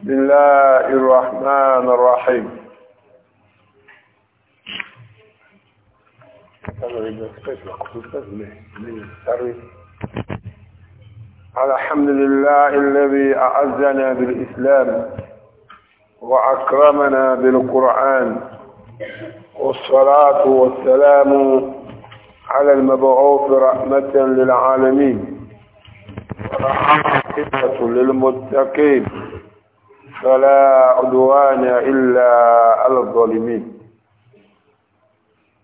بسم الله الرحمن الرحيم الحمد لله الذي أعزنا بالإسلام وأكرمنا بالقرآن والصلاة والسلام على المبعوث رحمة للعالمين ورحمة للمتقين فلا عدوان إلا على الظالمين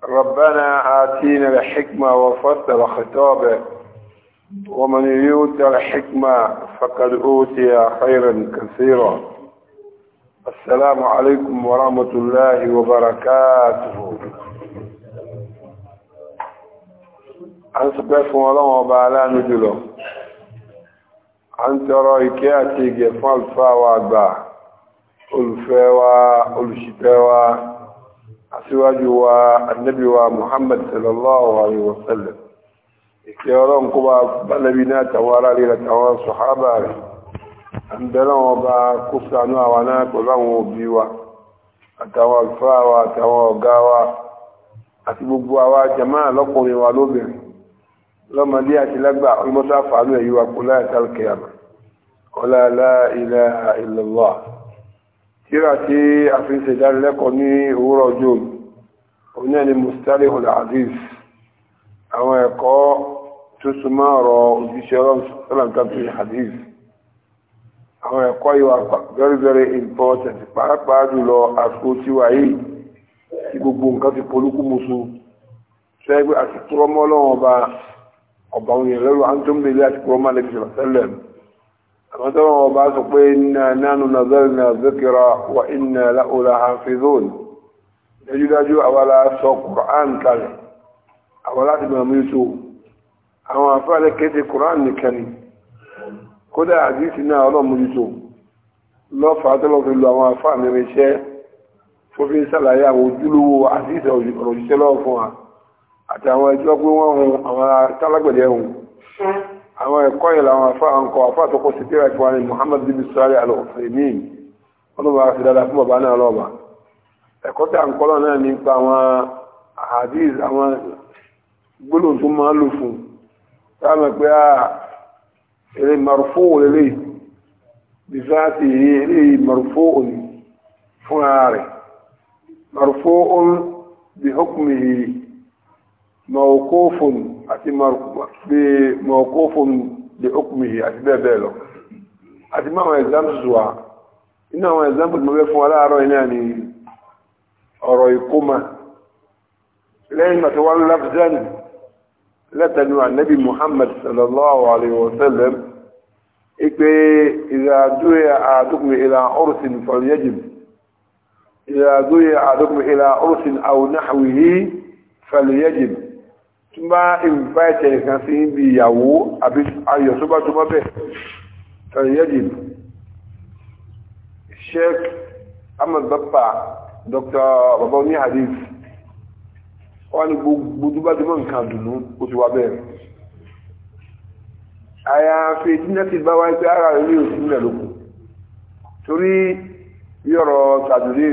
ربنا آتينا الحكمة وفصل الخطاب ومن يؤت الحكمة فقد أوتي خيرا كثيرا السلام عليكم ورحمة الله وبركاته à ń sọpẹ́ وبعلا ọlọ́wọ́n ọba aláàánú jùlọ à ń olùfẹ́ wa olùṣìpẹ̀ wa aṣíwájú wa annabi wa muhammad sallallahu alaihi wasallam ìkẹ́ ọlọ́run kó bá bálẹ́bí náà tàwọn ará rí rẹ̀ tàwọn sọ̀hábà rẹ̀ àǹdẹ́rẹ́ wọn bá kó sànú àwọn náà pẹ̀lú àwọn òbí wa àtàwọn àlùfáà wa àtàwọn ọ̀gá àti lágbà ọlọ́mọdé àfààní ẹ̀yí wa kò láyàtàlùkẹ́ ọlá la ilaha tíra tí a fi ń ṣe ìdánilẹ́kọ̀ọ́ ní òwúrọ̀ ọjọ́ òun náà ni mustalihul aziz àwọn ẹ̀kọ́ tó súnmọ́ ọ̀rọ̀ òjíṣẹ́ ọlọ́ntàbí aziz àwọn ẹ̀kọ́ very very important pàápàá jùlọ àsìkò tí wà yìí tí gbogbo nǹkan ti polúkú musu sẹ́gbẹ́ àti tọ́rọmọ́ ọlọ́wọ́n ọba ọba kọ́tọ́rọ̀ wọn bá sọ pé nánú nazarina zikira wa inna la'ula hafizun dájúdájú àwọlá sọ Qur'an kalẹ̀ àwọlá ti bẹ̀rẹ̀ mú àwọn àfáàlẹ̀ kéde Qur'an nìkan ni kódà àdísì náà ọlọ́mújútó lọ́fà tọ́lọ́ fi àwọn àfáà àwọn ẹ̀kọ́ yìí làwọn afá àǹkọ afá àtọ́kọ́ sí tíra ìfọwọ́ ní Muhammad bin Salih al-Uthaymeen wọn bá fi dáadáa fún bàbá náà lọ́ọ̀bà ẹ̀kọ́ tí àǹkọ́ lọ náà nípa àwọn hadith àwọn gbólóhùn tó máa ń fún táwọn pé a ah, èrè marufó lélẹ̀ bisaati èrè marufó òní fúnra rẹ̀ marufó òní bi hukmihi mawqufun àti bí mọ̀ọ́kófòm lè ókùnmìyì àti bẹ́ẹ̀ bẹ́ẹ̀ lọ àti mọ́ àwọn examples wa inú àwọn examples mo fẹ́ fún wa láàárọ̀ iná ni ọ̀rọ̀ ìkómà lẹ́yìn màtí wọ́n láfzán látẹnu ànábì Muhammad sallallahu alayhi wa sallam ipe ìràdúyẹ àdókùn ìlà ọ̀rùsìn fọ̀lẹ́jìm ìràdúyẹ àdókùn ìlà ọ̀rùsìn àwọn náhàwìhí fọ̀lẹ́jìm tó bá ìwùfà ẹ̀tẹ̀ nìkan sí ibi ìyàwó àbí ayọ̀ tó bá tó mọ́ bẹ̀ tọ̀yẹ́dì Sheikh Ahmad Bappa Dr. baba oní hadith wọ́n ní gbogbo tó bá tó mọ́ nǹkan dùnú ó ti wá bẹ́ẹ̀ àyàfi dínẹ́tì bá wáyé pé ara rẹ̀ ní òsì nílẹ̀ lókun torí yọ̀rọ̀ tàdúrí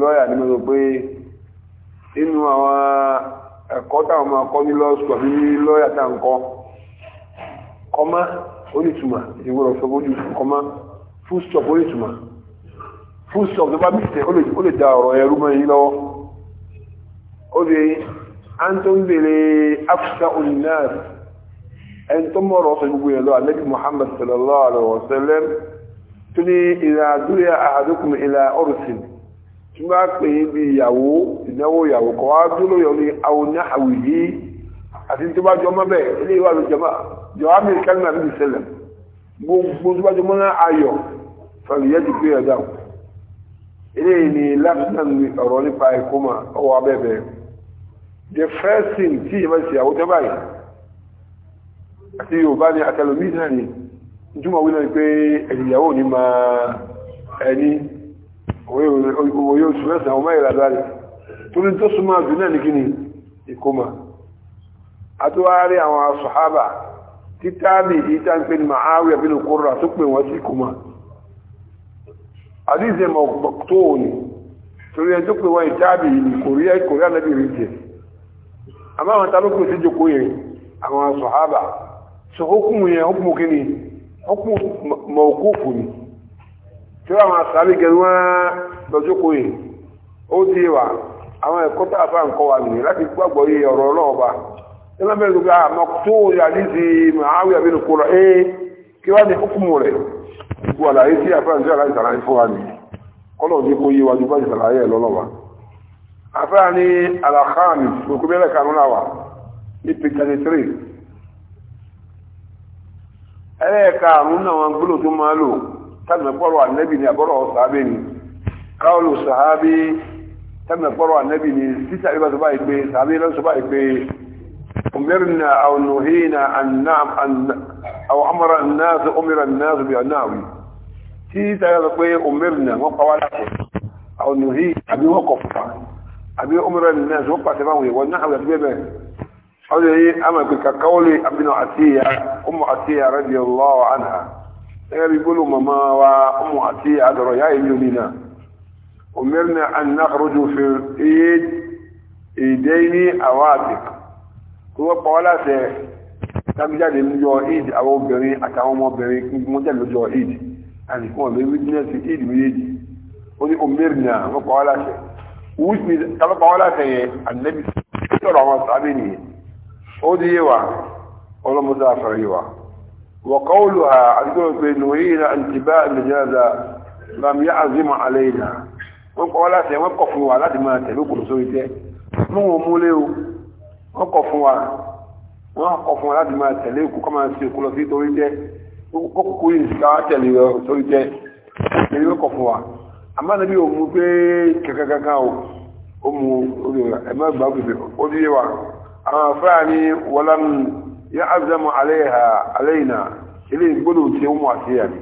lọ́ọ̀yà ní mọ́ pé inú àwọn ẹ̀kọ́ táwọn ọmọ kọ́ ní lọ́ọ̀sùn àbí ní lọ́ọ̀yà tá ń kọ́ kọ́má onítùmọ̀ ìwọ̀rọ̀ sọ bójú kọ́má full tó da ọ̀rọ̀ ẹrú mọ́ lọ́wọ́ ó lè ń ẹni tó mọ̀rọ̀ gbogbo yẹn lọ alẹ́bí Muhammad sallallahu alaihi wa tó ní ìlà tí wọ́n pè é bí ìyàwó ìnáwó ìyàwó kọ́ wá dúró yọ ní àwọn ní àwì yìí àti tó bá jọmọ́ bẹ́ẹ̀ ilé ìwà ló jọmọ́ jọmọ́ àmì kẹ́lí náà níbi sẹlẹ̀ gbogbo tó bá jọmọ́ náà ayọ̀ fàlùyẹ́ ti pé ẹ̀dá ilé ìní láfíà ní ọ̀rọ̀ nípa ẹ̀kọ́ mà ọwọ́ abẹ́bẹ́ the first thing tí ìyẹn máa ṣe àwọn tẹ́ báyìí àti Yorùbá ni àtàlómìnira ni ìtumọ̀ wí náà ni pé ẹ̀yìn ìyàwó ni máa ẹni òye mẹ́sàn ọmọ ìràdá rẹ̀ torí tó súnmọ́ àbí náà ní kí ni ìkómà àtúwárí àwọn sàhábà títàbí ìta ń pè ní Muawiya bin Qurra tó pè wọ́n sí ìkómà àdíṣe mọ̀ tí wọ́n àwọn a fà wa nìyẹn láti gbàgbọ́ yìí ọ̀rọ̀ ọlọ́ọ̀ba tí wọ́n bẹ̀rẹ̀ lóga yàrá ti màáwí àbí nìkó rẹ̀ ẹ́ kí wọ́n ní hukumu rẹ̀ gbogbo àlàyé tí àfáàní tí àlàyé sàlàyé fún wa nìyẹn kọlọ ní kó yé sàlàyé ní àrùn náà wọn gbọ́dọ̀ tó máa lò tẹ́lẹ̀ gbọ́rọ̀ ànẹ́bì ni àbọ́rọ̀ sàábẹ́ ni káwọlù sàábẹ́ tẹ́lẹ̀ gbọ́rọ̀ ànẹ́bì ni títà ìbá sọ báyìí pé sàábẹ́ lọ́n sọ báyìí pé umirna aw nuhina an na'am an aw amara an-nas umira an-nas bi an-nawi títà ìbá sọ pé umirna wọ́n pa wá láti aw nuhi àbí wọ́n kọ̀ fà àbí umira an ẹ̀rí gbólù màmá wa ọmọ àti àdọ̀rọ̀ yá èyí omi náà umirna an nakhruju fi ìdẹ́yìní àwáàtìk tó wọ́n pa wá láṣẹ tábíjáde lójọ eid àwọn obìnrin àtàwọn ọmọbìnrin wọ́n jáde lójọ eid àti fún ọ̀bẹ wítínẹ́sì eid méjèèjì ó ní umirna wọ́n pa wá láṣẹ wúsì tábà وقولها عدوك نهينا انتباء لهذا لم يعزم علينا وقال سي وقفوا على ما تلوك رسولته مو مولو وقفوا وقفوا على ما تلوك كما سيقول في توريته وقفوا يسكات لرسولته ni wọ́n kọ̀ fún wa àmọ́ níbi òun pé kankankan o ó mú olùrà ẹ̀mọ́ ìgbà òkèfè ó díye wa àwọn afẹ́ àní wọ́lámù يعزم عليها علينا إليه قلوا تيوم وعسياني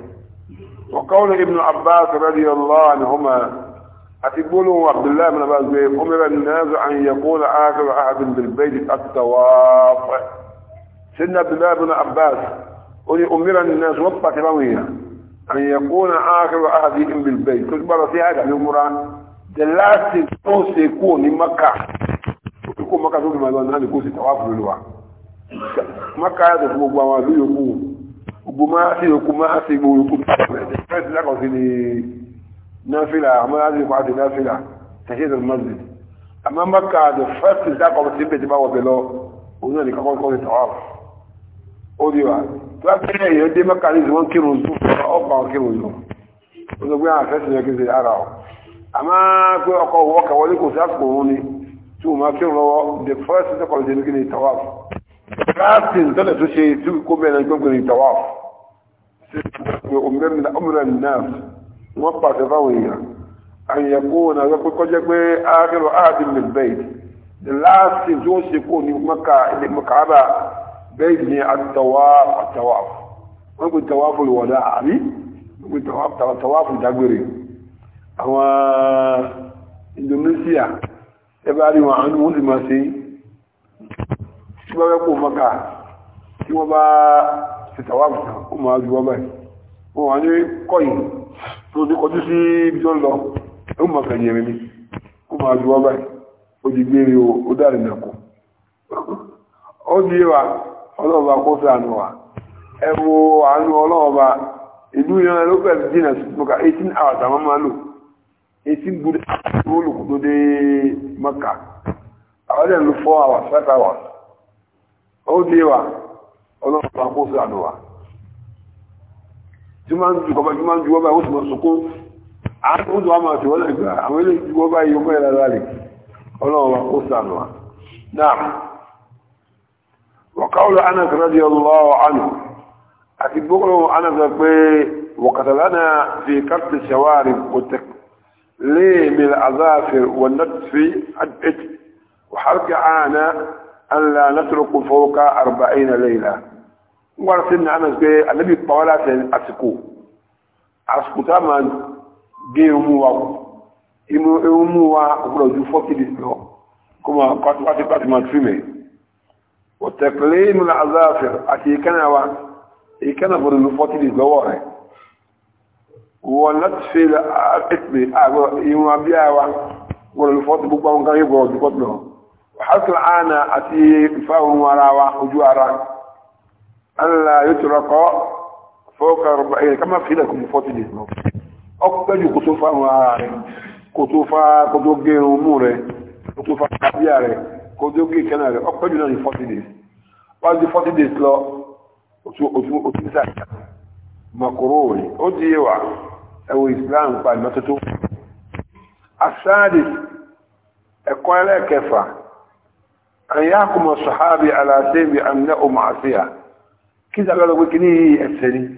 وقول ابن عباس رضي الله عنهما أتقولوا عبد الله بن عباس بيه أمر الناس أن يقول آخر أحد بالبيت التواف سيدنا عبد الله بن عباس قولي أمر الناس وطبك روية أن يقول آخر أحدهم بالبيت تكبر في هذا الأمر دلاتي توسي يكون مكة يكون مكة تكون مكة تكون مكة تكون مكة maka yàtọ̀ fún gbogbo àwọn àbí yòókù gbogbo máa sí yòókù máa sí gbogbo yòókù fẹ́ẹ̀tì lákọ̀ọ́sí ni náfìlà àmọ́ láti kọ́ àti náfìlà tẹ̀sí ìtàn mọ́sí àmọ́ maka the first is that kọ́ọ̀sí bẹ̀ tí bá wọ̀ bẹ̀ lọ òun náà ní kọ́kọ́ kọ́ ní tọ́wọ́ ó di wa tí wọ́n fi ẹ̀yọ́ dé maka ní ìwọ́n kírun tó ọgbà wọn kírun lọ ó sọ pé àfẹ́sì ah, yẹn kí n ṣe ara ọ àmọ́ pé ọkọ̀ wọ́kà wọlé kò sí àpò òun ni tí wọ́n máa kírun lọ́wọ́ fasting tana to she tu ko be na gbogbo ni tawaf se o mbe mi na amra nas mo pa se ba wiya an yakuna ga ko je pe akhiru adim bil bayt the last thing to she ko ni makka ni makaba bayt ni at tawaf at tawaf mo ko tawaf al wada ali mo ko tawaf àwọn Indonesia ẹ bá àwọn ọmọ máa ṣe bá fẹ́ kó tí wọ́n bá ju wọ́n wà ní kọ́yìn tó kọjú sí ibi tó ń lọ ó mọ̀ yẹ̀rẹ̀ ju ó o ó dàrí nàkó ó di wa ọlọ́ọ̀bá kó sànù wa ẹ àánú ọlọ́ọ̀bá ìlú 18 hours àwọn 18 tó ó lé wa ọlọ́pàá kó fi àdó wa tí máa ń ju ọba tí máa ń ju ọba ó sì máa sọkó àwọn oúnjẹ wa máa ti wọ́n lẹ́gbẹ̀ẹ́ àwọn ilé ju ọba yìí ọmọ ìlàlá rẹ̀ ọlọ́pàá kó fi náà وقول أنس رضي الله في كرت الشوارب والتكبير ليه من الأظافر والنطف الإت وحرك عانا ألا نترك فوق أربعين ليلة وقال سيدنا أنس بي النبي قوالا أسكو أسكو تاما جي أموا أموا أقول جو فوق ديسلو كما قاتل قاتل قاتل ما تفهمي وتقليم العذافر أتي كان كان فرن فوق ديسلو ونتف الأكبر أقول إموا بيعوا ورن فوق بقبان كان يبقى جو wàhásùlá àná àti ìfáwọn ara wa ojú ara ńlá yóò tọrọ kọ́ fọ́ọ̀kà rọ̀bà ẹ̀yẹ ká má fi ilẹ̀ kùn fọ́tí dè lọ ọpẹ́ jù kó tó fáwọn ara rẹ̀ kó tó fa kó tó gé irun mú rẹ̀ kó tó fa kábíyà rẹ̀ kó tó gé ìkẹ́nà rẹ̀ ọpẹ́ jù náà ní fọ́tí dè wá sí fọ́tí dè lọ òtún òtún òtún sáà makoro ni ó ti yé wa ẹ̀wọ̀ Islam pa ìmọ́tótó asáàdì ẹ̀kọ́ ẹlẹ́ẹ̀kẹfà أن يحكم الصحابي على سيب أمناء معصية كيف أقول لك ليه السني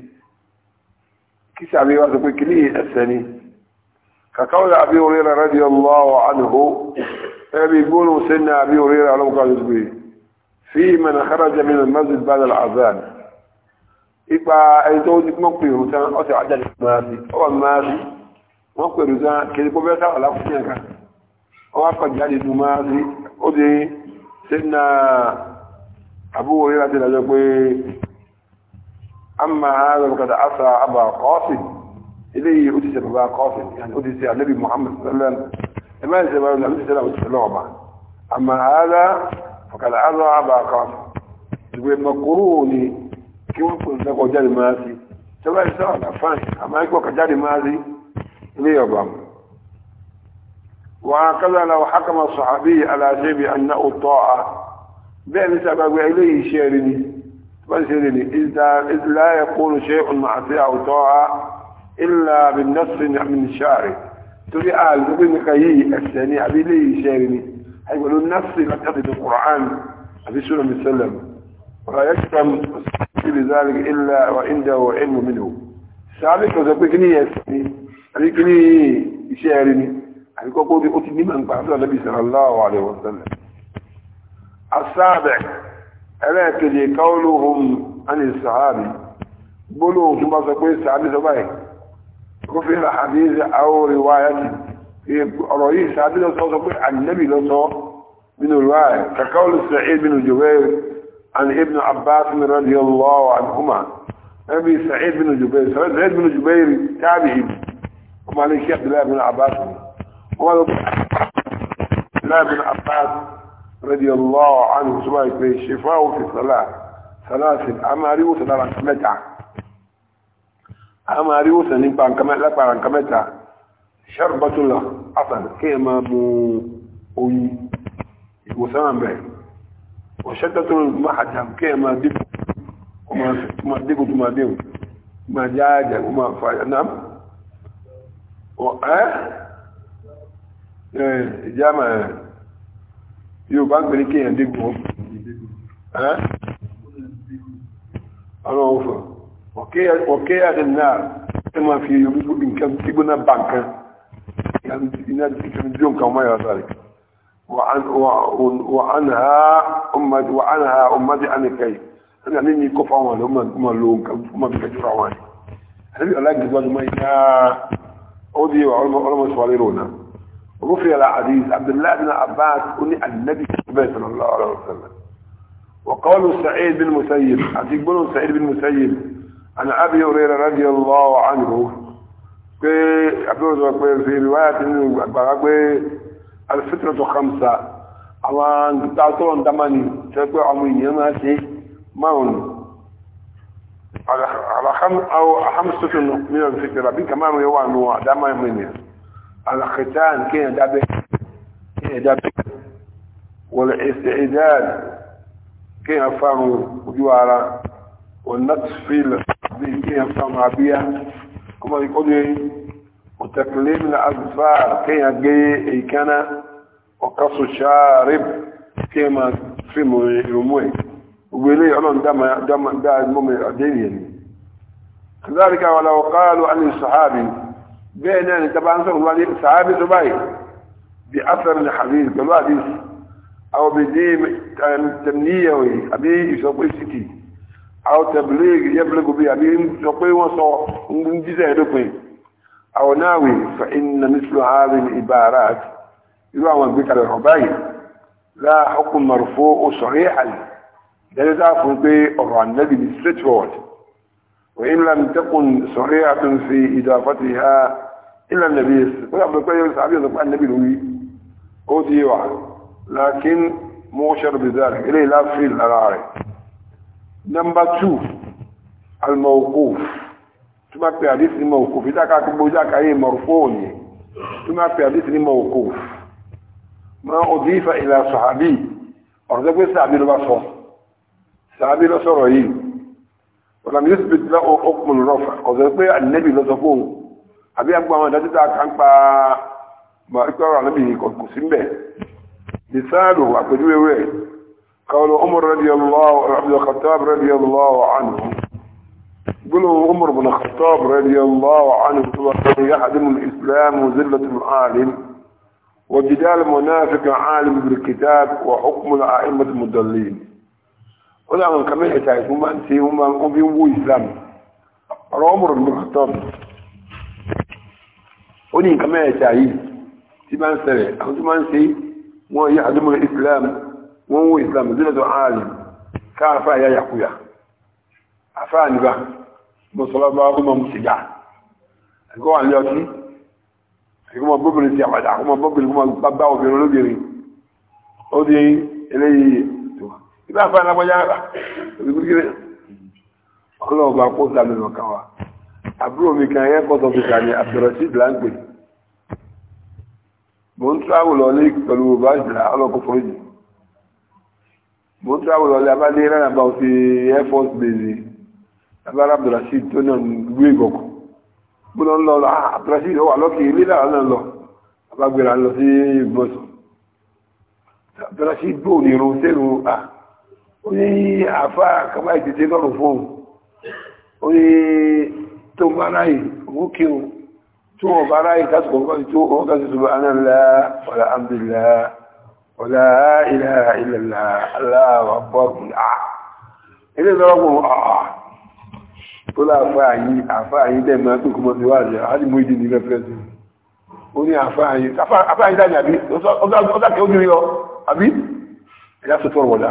كيف أقول لك ليه السني كقول أبي هريرة رضي الله عنه أبي يقولوا سنة أبي هريرة على مقال به في من خرج من المسجد بعد الأذان إبا أيضا مقبل رسان أو سعدل ماسي أو ماسي مقبل رسان كذلك بيسا على فتنك أو أفقد جالي ماسي أو دي سيدنا أبو هريرة الأجوبي أما هذا فقد عصى أبا قاسم إليه أدس أبا قاسم يعني أدس النبي محمد صلى الله عليه وسلم ما يسمى أدس له أدس له أما هذا فقد عصى أبا قاسم يقول مقروني كيف كنت لك وجال ماسي سواء سواء فاني أما يقول كجال ماسي إليه أبا وهكذا لو حكم الصحابي على سبب أنه الطاعة بأن سبب إليه شيرني فسرني إذ لا يقول شيء معصية أو طاعة إلا بالنص من الشارع تري آل ابن نقيه الثاني أبي لي شارني حيقول النص قد يقضي القرآن أبي سورة من السلام ولا يكتم بذلك إلا وعنده وعلم منه سابق وزبقني يا أبي كني شيرني àti kọ́kọ́ bí ó ti nímọ̀ nípa àdúrà lẹ́bí sallallahu alaihi wasallam asáàbẹ̀ ẹlẹ́ẹ̀kejì qawluhum ani sàábì gbólóhùn tó bá sọ pé sàábì sọ báyìí kó fi ra hadith aw riwayati ọ̀rọ̀ yìí sàábì lọ sọ pé ànẹ́bì lọ sọ nínú riwaya ka qawli Sa'id bin Jubayr an ibn Abbas radiyallahu anhuma ẹbí Sa'id bin Jubayr قال لا بن عباس رضي الله عنه سبحانه الشفاء في الصلاة ثلاث أماري وثلاث متع أماري وثلاث بانكمة لا بانكمة شربة له أصل كيما مو أوي وثمان به وشدة المحجم كيما دب وما ما دب وما دب ما جاجا وما فاجا نعم وأه Eh, ìjàmà yóò bá ń pè ní kéèyàn dégbò ọlọ́wọ́ fún ọ̀kẹ́ àti náà ẹ máa fi nǹkan gbígbóná bá nǹkan iná títí bí nǹkan ọmọ yàrá sáré wà á náà ọmọdé ànìkẹ́ yìí nini wọn رفي العزيز عبد الله بن عباس كني النبي صلى الله عليه وسلم وقال سعيد بن مسيب عزيز بن سعيد بن مسيب عن أبي هريرة رضي الله عنه في في رواية أبي الفترة خمسة أوان تعطون دماني تلقوا عمين يماتي مون على خمس أو خمسة من الفترة بك مانو يوانو دماني مني الختان كين دابه كين دابه والاستعداد كين أفهم وجوارا والنقص في الحديث كين أفهم عبية كما يقول وتكليم الأظفار كين جي كان وقص الشارب كما في يومه وبيلي علون دم دم دا المؤمن الدين كذلك ولو قالوا عن الصحابي بين ان تبع انصر الله صحابي دبي باثر الحديث قالوا حديث او بدي تمنيه ابي يسوي سيتي او تبليغ يبلغ بي ابي يسوي وصو نجيزه دكوي او ناوي فان مثل هذه العبارات يروى بك الرباعي لا حكم مرفوع صريحا ده تعرفوا بيه النبي بالستفورد وإن لم تكن صحيحة في إضافتها إلى النبي صلى الله عليه وسلم صحابي يضبع النبي لوي قوتي واحد لكن مؤشر بذلك إليه لا في الأراري نمبر 2 الموقوف تما في حديث الموقوف إذا كان بوجاك أي مرفوني تما في حديث الموقوف ما أضيف إلى صحابي أرزق صحابي لبصر صحابي لبصر رهيب ولم يثبت له حكم الرفع قضيه النبي لزقوه ابي ابو لا ندى كان با ما اقرا النبي قد قسم به لساله اقدوي وي قالوا عمر رضي الله عبد الخطاب رضي الله عنه قلوا عمر بن الخطاب رضي الله عنه توقف يخدم الاسلام وذله العالم وجدال منافق عالم بالكتاب وحكم الائمه المدلين ó láwọn nǹkan mẹ́ta ìfún máa ń ṣe wọ́n máa ń kó bí ń wó Islam ọ̀rọ̀ ọmọrọ̀ ní bọ̀kọ̀tọ́m ó ní nǹkan mẹ́ta yìí tí máa ń ṣẹlẹ̀ àwọn tí máa ń ṣe wọ́n yí àdúmọ̀ Islam wọ́n wó Islam dínlẹ̀tọ̀ ààrẹ káàfà ya yakuya àfà nígbà mọ̀sọ́lọ́bà ọmọ mùsìgá ẹ̀kọ́ wà ní ẹ̀kọ́ bóbìnrin ti àwàdà àkọ́mọ̀ bóbìnrin kọ́mọ̀ bá obìnrin olóbìnrin ó di eléyìí tó ìbá àfáà lágbájá rà òṣìṣẹ́ ọlọ́ọ̀bà kó sàmì ọ̀kan wa àbúrò mi kan airport officer ni abdulrasheed langbe mo ń travel lọ ní pẹ̀lú bàjìlá ọlọ́kọ̀ fọ́rẹ́jì mo ń travel lọ ní abáde rárá bá ti air force base abára abdulrasheed tó náà gbé ìgbọ̀kọ̀ mo lọ ń lọ ah, abdulrasheed ó wà lọ́kì ilé náà náà lọ abágbéra lọ sí bọ́sùn abdulrasheed bò ní irun sẹ́nu ah orí àfá àkàbà ìtìtì lọ́rùn fún orí tó bá ráyì gúkí o tó wọ́n bá ráyì tásìkò kọ́sí tó wọ́n kásì tó bá anáàlá wàlá àmdìlá wàlá ilaha illallah aláwà bọ́ọ̀kùn àà ilé lọ́rọ̀kùn àà tó láàfá àyí àfá àyí dẹ̀mọ́ tó kọmọ sí wáàdì àádìmú ìdí ní rẹ́fẹ́sì ó ní àfá àyí àfá àyí dáni àbí ọjọ́ àbí ìdásọ̀tọ̀ wọ̀dá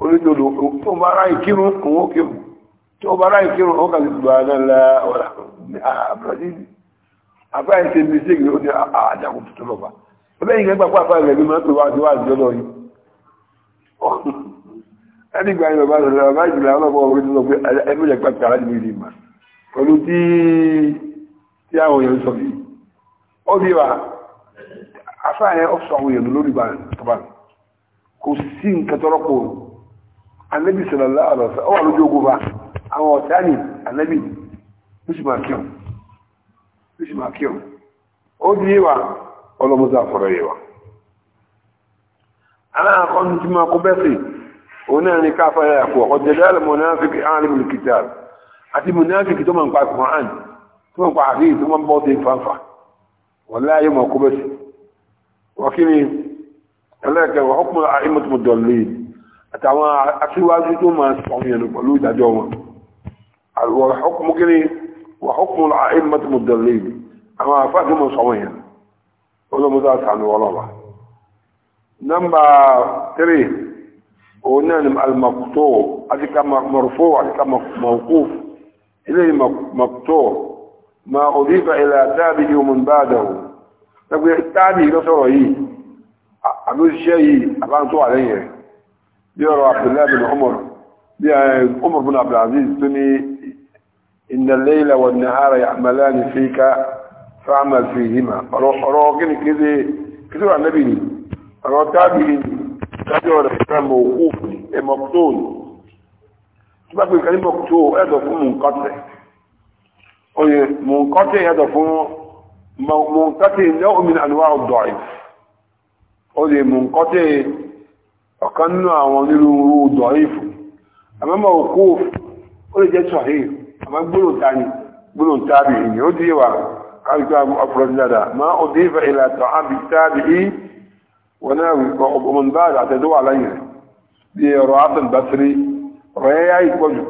onídòdò tó bá ráyì kírun òun ó kírun tó bá ráyì kírun ó kàlẹ̀ ìgbà náà ọ̀rà àbúrájíjì àfáà ṣe mistake ló ní àjàkùn tó lọ́ba ẹgbẹ́ ìgbẹ́ pàpà àfáà rẹ̀ bí mọ́ tó wá sí wá jọ lọ́yìn ẹni gba ìlọ́ba lọ́la bá ìjìnlẹ̀ àwọn ọmọ orí tó lọ pé ẹgbẹ́ ìjẹ́ pàpà aládìmí ìlú ìmọ̀ pẹ̀lú tí àwọn èèyàn sọ bí ó afáà yẹn ọ̀sọ̀ àwọn èèyàn lórí tọ́bàrù kò sí nǹkan tọ́rọ pò anábì sọ̀rọ̀lá àlọ́sà ọwà lójú ogun bá àwọn ọ̀tá ní anábì bísímàkíọ̀ bísímàkíọ̀ ó di yíwa ọlọ́mọdé àfọ̀rọ̀ yíwa aláàkọ́ ní tí máa kó bẹ́sì òun náà ní káfà yà kú ọ̀kọ́ jẹ́dẹ́ alimọ̀náfíkì alimọ̀lì kìtà àti mọ̀náfíkì tó máa ń pa kùrán tó máa ń pa àfíì tó máa ń bọ́ sí fanfa wọ́n láyé mọ̀ kó bẹ́sì وكيني لك وحكم الأئمة المدلين المضلين أتعوى أسواجه ما سعينه فلو يدعوه وحكم كيني وحكم الأئمة المدلين أما فاتوا من سعينه ولا مزاس عنه ولا الله نمبر 3 ونعلم المقطوع أذيك مرفوع أذيك موقوف إليه مقطوع ما أضيف إلى تابعه ومن بعده ẹgbẹ́ táàbì lọ́sọ̀rọ̀ yìí àbúṣiṣẹ́ yìí àbáńtó wà lẹ́yìn rẹ̀ bí ọ̀rọ̀ Abdullahi bin Umar bí Umar bin Abdulaziz tó ní inna al-layla wa an-nahara ya'malani fika fa'mal fihima ọ̀rọ̀ kíni kéde kéde wà nẹ́bì ni ọ̀rọ̀ táàbì ni táàbì ọ̀rọ̀ ìfẹ́ mọ̀ òkú ẹ̀ mọ̀ tó ní tí bá fún منقطع نوع من انواع الضعيف ó lè منقطع ọ̀kan nínú àwọn onírúurú ضعيف àmọ́ موقوف ó lè jẹ́ صحيح àmọ́ gbólóhùn tani gbólóhùn tábì ìyẹn ó díyẹ̀wà káríkà afrọ́dí dáadáa ما أضيف إلى صحابي التابعي ومن بعد اعتدوا عليه bí ọ̀rọ̀ Hasan Basri ọ̀rọ̀ yẹ́yá ìpọ̀jù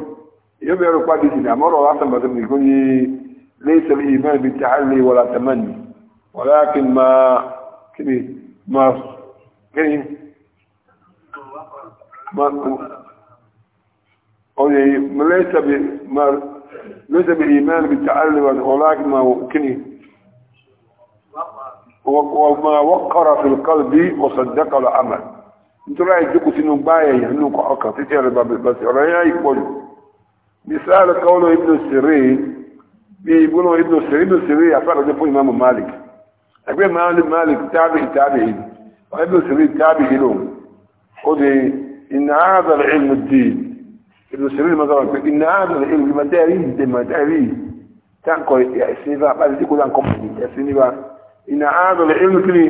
yóò bẹ̀rù pàdé sí àmọ́rọ̀ Hasan Basri nìkan yìí ليس الإيمان بالتعلي ولا تمني ولكن ما كده ما كده ما قولي ليس ما ليس بالإيمان بالتعلي ولكن ما كده وما وقر في القلب وصدق العمل انت رايك تكو سنو بايا يهنوك حقا تتعرف بس رايك قولوا مثال قوله ابن السرين bí ibùnà ibùnà sèré ibùnà sèré àfáàlọ́jọ́ fún ìmáàmù Malik ẹgbẹ́ Malik Malik tábì tábì yìí ibùnà sèré tábì yìí lòun ó di iná àádọ́rẹ̀ ilmu dì ibùnà sèré ni mọ́tò pé iná àádọ́rẹ̀ ilmu dì mọ́tẹ́rì dì mọ́tẹ́rì táǹkọ̀ ẹ̀sìn bá bá ti kó láǹkọ́ mọ̀ ẹ̀sìn ní bá iná àádọ́rẹ̀ ilmu kiri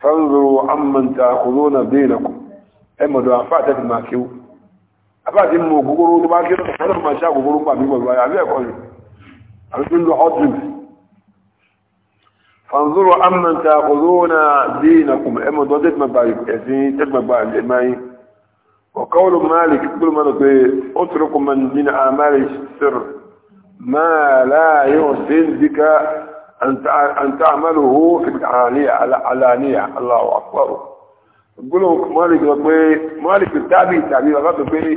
fanzuru amman ta'khuduna bainakum ẹ̀ mọ̀dọ̀ àfáà tẹ́tì máa kéwù abáàdì mọ ògógóró tó bá kéré ọ̀pọ̀lọpọ̀ máa ṣe àgógóró pàmí pẹ̀lú ayé àbí ẹ̀kọ́ ni àbí tó ń lo hot drink fanzuru amman ta kòzóna dinakum ẹmọ tó tẹ́tìmọ̀ gbà ẹ̀sìn tẹ́tìmọ̀ gbà ẹ̀máyé وقول مالك كل مالك اترك من من اعمال السر ما لا يحسن بك أن تعمله في العالية علانية الله أكبر قلوا مالك مالك التابي التابي وغطوا فيه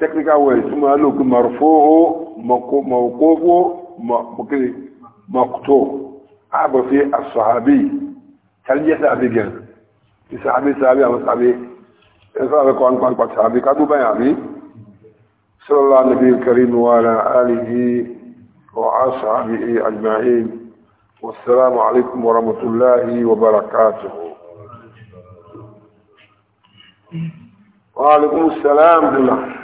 technical word ثم قالوا مرفوع موقوف مقري مقطوع عبر في الصحابي هل جاء صحابي جاء صحابي صحابي أو صحابي صحابي كون كون كون صحابي كاتو بيع بي صلى الله عليه النبي الكريم وعلى آله وأصحابه أجمعين والسلام عليكم ورحمة الله وبركاته وعليكم السلام ورحمة الله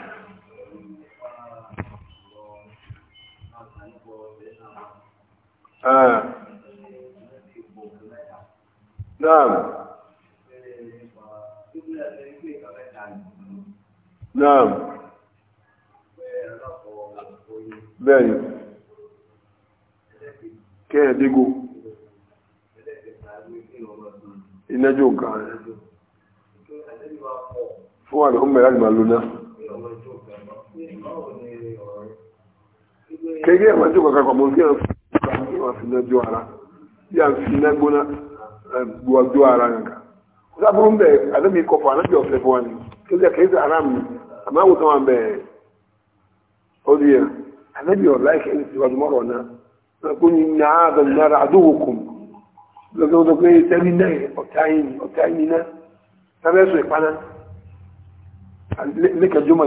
Naam. Naam. Bẹ́ẹ̀ni. Kẹ́ẹ̀ dígò. Inájò kan rẹ̀. Fún àdé ọmọ ìlàjì máa lóná. Kẹ́gẹ́ ẹ̀mà tí ó sí ẹ̀fún gbà ní wọn fi lọ́jọ́ ara bí a fi iná gbóná gbọ́jọ́ ara nìkan kó sábúrú ń bẹ̀ àdébí kọfọ ànábì ọ̀fẹ́ fún wa ni kí ó jẹ́ kí ẹ̀sẹ̀ ara mi àmọ́ àwòtán wa bẹ̀ ó di yẹn ànábì ọ̀la ẹ̀kẹ́ ẹ̀sẹ̀ tí wàá tó mọ̀rọ̀ náà kó ní ní àádọ́ ní ara àdúgbò kùn lọ́sọ̀rọ̀ pé sẹ́ni náà ọ̀tá yìí ọ̀tá yìí náà sábẹ́ sọ ìpaná lẹ́kẹ̀ẹ́jọ́ mọ̀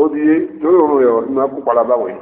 ó di torí òun rẹ̀ ọ̀ ní máa kó padà báwọn